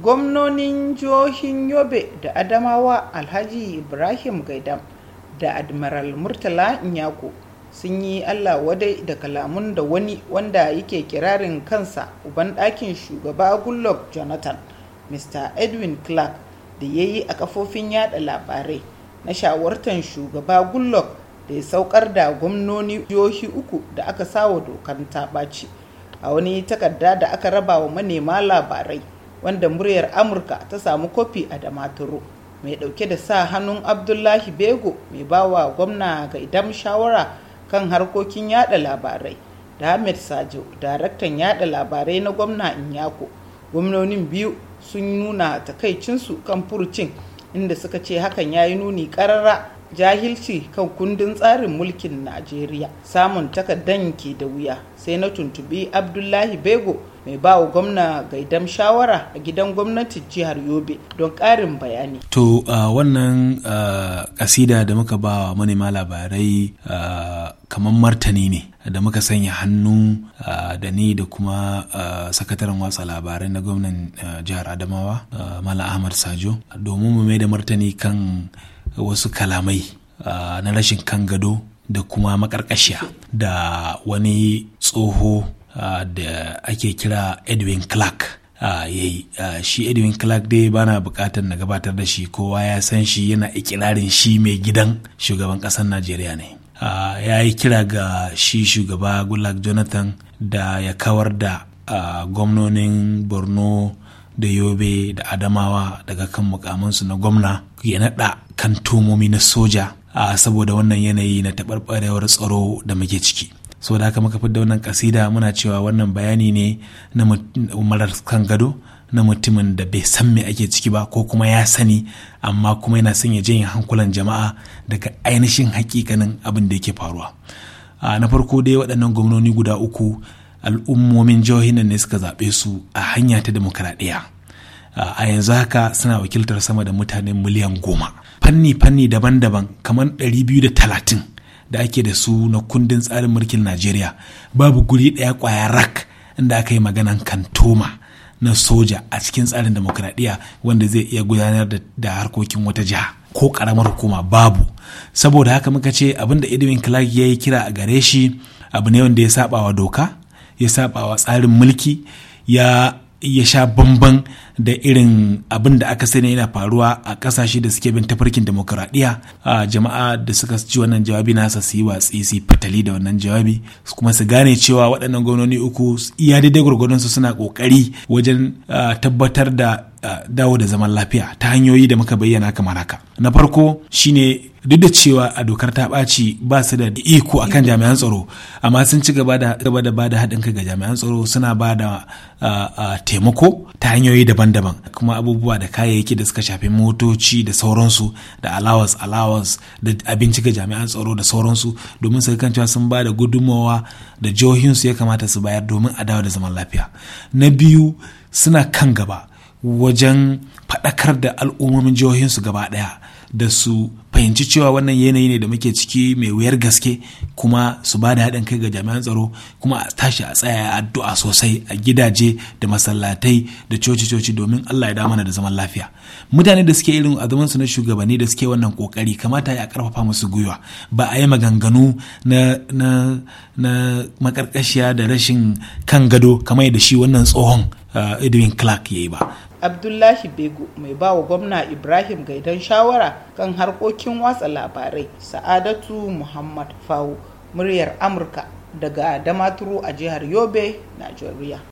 gwamnonin jihohin yobe da adamawa alhaji ibrahim gaidam da admiral murtala nyako sun yi allah wadai da kalamun da wani wanda yake kirarin kansa uban ɗakin shugaba goodluck jonathan mr edwin clark da ya yi a kafofin yada labarai na shawartan shugaba goodluck da ya saukar da gwamnoni jihohi uku da aka sawa dokan taɓaci a wani takarda da aka raba wa manema labarai wanda muryar amurka ta samu kofi a damaturu mai dauke da sa hannun abdullahi bego mai bawa gwamna ga idan shawara kan harkokin yada labarai da ahmed sajo daraktan yada labarai na gwamna inyako gwamnonin biyu sun nuna takaicinsu kan furucin inda suka ce hakan ya yi nuni karara jahilci kan kundin tsarin mulkin najeriya samun takardan ke da wuya sai na tuntubi abdullahi bego mai ba wa gwamna gaidam shawara a gidan gwamnatin jihar yobe don karin bayani to uh, wannan uh, kasida da muka ba wa manema labarai uh, kamar martani ne da muka sanya hannu da ni da kuma sakataren watsa labarai na gwamnan jihar adamawa mala ahmad sajo domin mu mai da martani kan wasu kalamai na rashin kan gado da kuma makarkashiya da wani tsoho da ake kira edwin clark ya yi shi edwin clark dai bana bukatar na gabatar da shi kowa ya san shi yana ikirarin shi mai gidan shugaban ƙasar najeriya ne ya yi kira ga shi shugaba goodluck jonathan da ya kawar da gwamnonin borno da yobe da adamawa daga kan mukamansu na gwamna ya naɗa kan tumomi na soja a saboda wannan yanayi na taɓarɓarewar tsaro da muke ciki so da haka muka fi da wannan kasida muna cewa wannan bayani ne na marar kan gado na mutumin da bai san me ake ciki ba ko kuma ya sani amma kuma yana son ya janye hankulan jama'a daga ainihin hakikanin abin da yake faruwa na farko dai waɗannan gwamnoni guda uku al'ummomin jihohin nan ne suka zaɓe su a hanya ta demokradiyya a yanzu haka suna wakiltar sama da mutane miliyan goma fanni-fanni daban-daban kamar biyu da talatin da ake da su na kundin tsarin mulkin najeriya babu guri ɗaya kwaya rak inda aka yi maganan kantoma na soja a cikin tsarin demokradiyya wanda zai iya gudanar da harkokin wata jiha ko karamar hukuma babu saboda haka muka ce abinda edwin clark ya yi kira a gare shi abu ne wanda ya saba wa doka ya saba wa tsarin mulki ya ya sha bamban da irin abin da aka sani yana faruwa a kasashe da suke bin tafarkin demokuraɗiyya a jama'a da suka ci wannan jawabi nasa su yi watsi su fatali da wannan jawabi kuma su gane cewa waɗannan gwamnoni uku iya daidai gwargwadon su suna ƙoƙari wajen tabbatar da dawo da zaman lafiya ta hanyoyi da muka bayyana kamar haka na farko shine duk da cewa a dokar ta ɓaci ba su da iko akan jami'an tsaro amma sun ci gaba da gaba da bada haɗin kai ga jami'an tsaro suna ba da taimako ta hanyoyi daban-daban kuma abubuwa da kayayyaki da suka shafi motoci da sauransu da allowance allowance da abinci ga jami'an tsaro da sauransu domin su kan cewa sun ba da gudunmawa da jihohinsu ya kamata su bayar domin a dawo da zaman lafiya na biyu suna kan gaba wajen faɗakar da al'ummomin jihohinsu gaba ɗaya da su fahimci cewa wannan yanayi ne da muke ciki mai wuyar gaske kuma su ba da haɗin kai ga jami'an tsaro kuma a tashi a tsaya addu'a sosai a gidaje da masallatai da coci-coci domin Allah ya mana da zaman lafiya mutane da suke irin azumin su na shugabanni da suke wannan kokari kamata ya karfafa musu gwiwa ba a yi maganganu na na na makarkashiya da rashin kan gado kamar da shi wannan tsohon Eh, edwin clark ya yi ba abdullahi bego mai ba wa gwamna ibrahim gaidan shawara kan harkokin watsa labarai sa'adatu muhammad fawo muryar amurka daga damaturu a jihar yobe nigeria